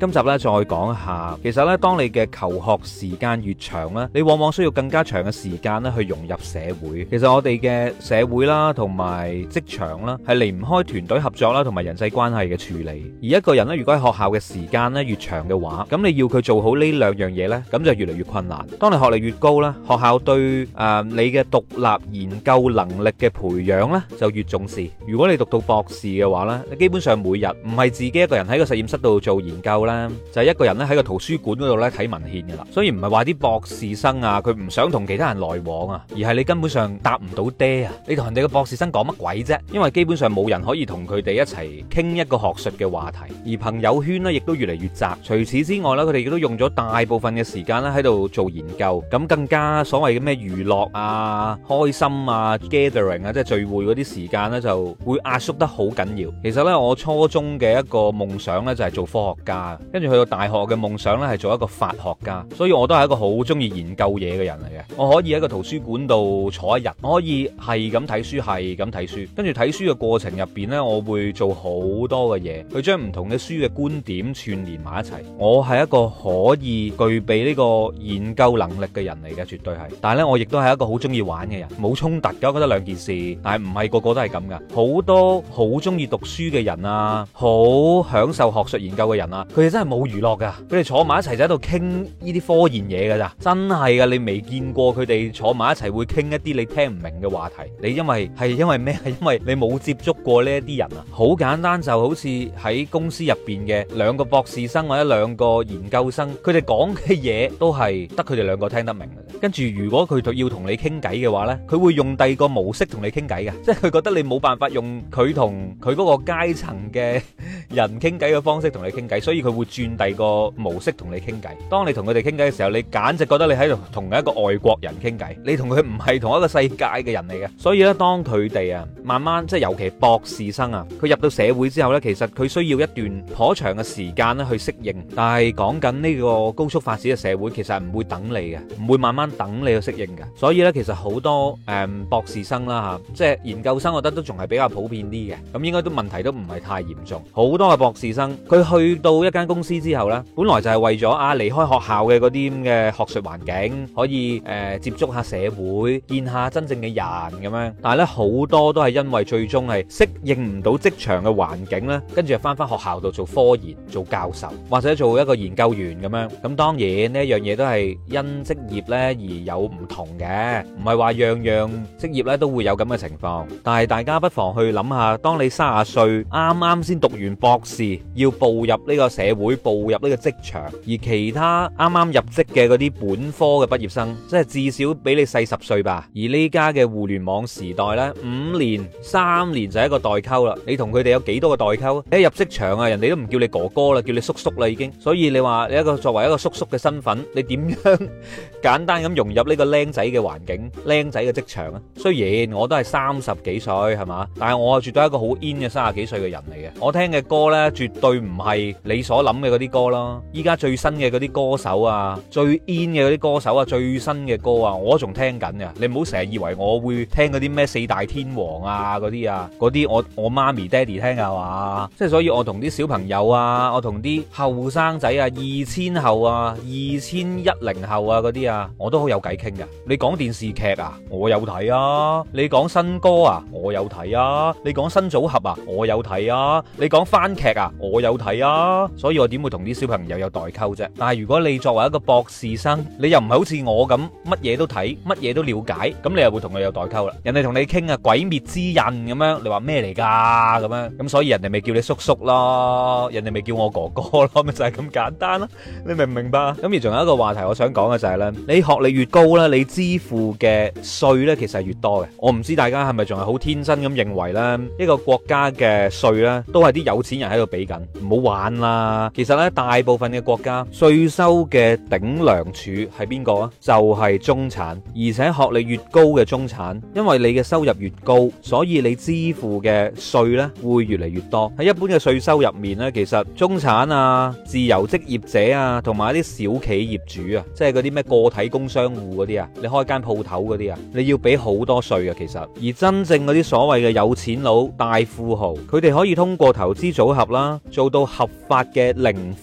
今集咧再講一下，其實咧當你嘅求學時間越長咧，你往往需要更加長嘅時間咧去融入社會。其實我哋嘅社會啦，同埋職場啦，係離唔開團隊合作啦，同埋人際關係嘅處理。而一個人咧，如果喺學校嘅時間咧越長嘅話，咁你要佢做好呢兩樣嘢咧，咁就越嚟越困難。當你學歷越高咧，學校對誒你嘅獨立研究能力嘅培養咧就越重視。如果你讀到博士嘅話咧，你基本上每日唔係自己一個人喺個實驗室度做研究咧，就係一個人咧喺個圖書館嗰度咧睇文獻噶啦，所以唔係話啲博士生啊，佢唔想同其他人來往啊，而係你根本上搭唔到爹啊，你同人哋嘅博士生講乜鬼啫？因為基本上冇人可以同佢哋一齊傾一個學術嘅話題，而朋友圈呢亦都越嚟越窄。除此之外呢，佢哋亦都用咗大部分嘅時間咧喺度做研究，咁更加所謂嘅咩娛樂啊、開心啊、gathering 啊，即係聚會嗰啲時間呢，就會壓縮得好緊要。其實呢，我初中嘅一個夢想呢，就係做科學家。跟住去到大學嘅夢想呢，係做一個法學家，所以我都係一個好中意研究嘢嘅人嚟嘅。我可以喺個圖書館度坐一日，我可以係咁睇書，係咁睇書。跟住睇書嘅過程入邊呢，我會做好多嘅嘢，佢將唔同嘅書嘅觀點串連埋一齊。我係一個可以具備呢個研究能力嘅人嚟嘅，絕對係。但係呢，我亦都係一個好中意玩嘅人，冇衝突嘅。我覺得兩件事，但係唔係個個都係咁㗎。好多好中意讀書嘅人啊，好享受學術研究嘅人啊，你真係冇娛樂噶，佢哋坐埋一齊就喺度傾呢啲科研嘢噶咋，真係噶，你未見過佢哋坐埋一齊會傾一啲你聽唔明嘅話題。你因為係因為咩？係因為你冇接觸過呢一啲人啊。好簡單，就好似喺公司入邊嘅兩個博士生或者兩個研究生，佢哋講嘅嘢都係得佢哋兩個聽得明嘅。跟住如果佢要同你傾偈嘅話呢，佢會用第二個模式同你傾偈嘅，即係佢覺得你冇辦法用佢同佢嗰個階層嘅人傾偈嘅方式同你傾偈，所以佢會轉第個模式同你傾偈。當你同佢哋傾偈嘅時候，你簡直覺得你喺度同一個外國人傾偈，你同佢唔係同一個世界嘅人嚟嘅。所以咧，當佢哋啊，慢慢即係尤其博士生啊，佢入到社會之後呢，其實佢需要一段頗長嘅時間咧去適應。但係講緊呢個高速發展嘅社會，其實係唔會等你嘅，唔會慢慢等你去適應嘅。所以呢，其實好多誒博士生啦嚇，即係研究生，我覺得都仲係比較普遍啲嘅。咁應該都問題都唔係太嚴重，好。多嘅博士生，佢去到一間公司之後咧，本來就係為咗啊離開學校嘅嗰啲咁嘅學術環境，可以誒、呃、接觸下社會，見下真正嘅人咁樣。但係咧好多都係因為最終係適應唔到職場嘅環境咧，跟住翻翻學校度做科研、做教授或者做一個研究員咁樣。咁當然呢一樣嘢都係因職業咧而有唔同嘅，唔係話樣樣職業咧都會有咁嘅情況。但係大家不妨去諗下，當你卅歲啱啱先讀完博士要步入呢個社會，步入呢個職場，而其他啱啱入職嘅嗰啲本科嘅畢業生，即係至少比你細十歲吧。而呢家嘅互聯網時代咧，五年、三年就係一個代溝啦。你同佢哋有幾多個代溝？一入職場啊，人哋都唔叫你哥哥啦，叫你叔叔啦已經。所以你話你一個作為一個叔叔嘅身份，你點樣簡單咁融入呢個僆仔嘅環境、僆仔嘅職場啊？雖然我都係三十幾歲係嘛，但係我絕對係一個好 in 嘅三十幾歲嘅人嚟嘅。我聽嘅歌。歌咧，絕對唔係你所諗嘅嗰啲歌咯，依家最新嘅嗰啲歌手啊，最 in 嘅嗰啲歌手啊，最新嘅歌啊，我仲聽緊嘅，你唔好成日以為我會聽嗰啲咩四大天王啊嗰啲啊，嗰啲我我媽咪爹哋聽係嘛，即係所以我同啲小朋友啊，我同啲後生仔啊，二千後啊，二千一零後啊嗰啲啊，我都好有偈傾噶，你講電視劇啊，我有睇啊；你講新歌啊，我有睇啊；你講新組合啊，我有睇啊；你講翻。劇啊，我有睇啊，所以我點會同啲小朋友有代溝啫？但係如果你作為一個博士生，你又唔係好似我咁乜嘢都睇，乜嘢都了解，咁你又會同佢有代溝啦。人哋同你傾啊《鬼滅之刃》咁樣，你話咩嚟噶？咁樣咁，所以人哋咪叫你叔叔咯，人哋咪叫我哥哥咯，咪就係咁簡單咯。你明唔明白？咁而仲有一個話題，我想講嘅就係呢，你學歷越高咧，你支付嘅稅呢，其實係越多嘅。我唔知大家係咪仲係好天真咁認為呢，一個國家嘅稅呢，都係啲有錢。人喺度比緊，唔好玩啦！其實咧，大部分嘅國家稅收嘅頂梁柱係邊個啊？就係中產，而且學歷越高嘅中產，因為你嘅收入越高，所以你支付嘅稅呢，會越嚟越多。喺一般嘅稅收入面呢，其實中產啊、自由職業者啊，同埋一啲小企業主啊，即係嗰啲咩個體工商戶嗰啲啊，你開間鋪頭嗰啲啊，你要俾好多稅啊，其實。而真正嗰啲所謂嘅有錢佬、大富豪，佢哋可以通過投資組。組合啦，做到合法嘅零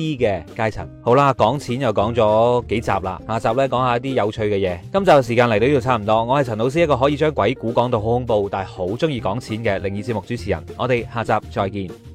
啲嘅階層，好啦，講錢又講咗幾集啦，下集咧講下一啲有趣嘅嘢。今集嘅時間嚟到呢度差唔多，我係陳老師，一個可以將鬼故講到好恐怖，但係好中意講錢嘅靈異節目主持人。我哋下集再見。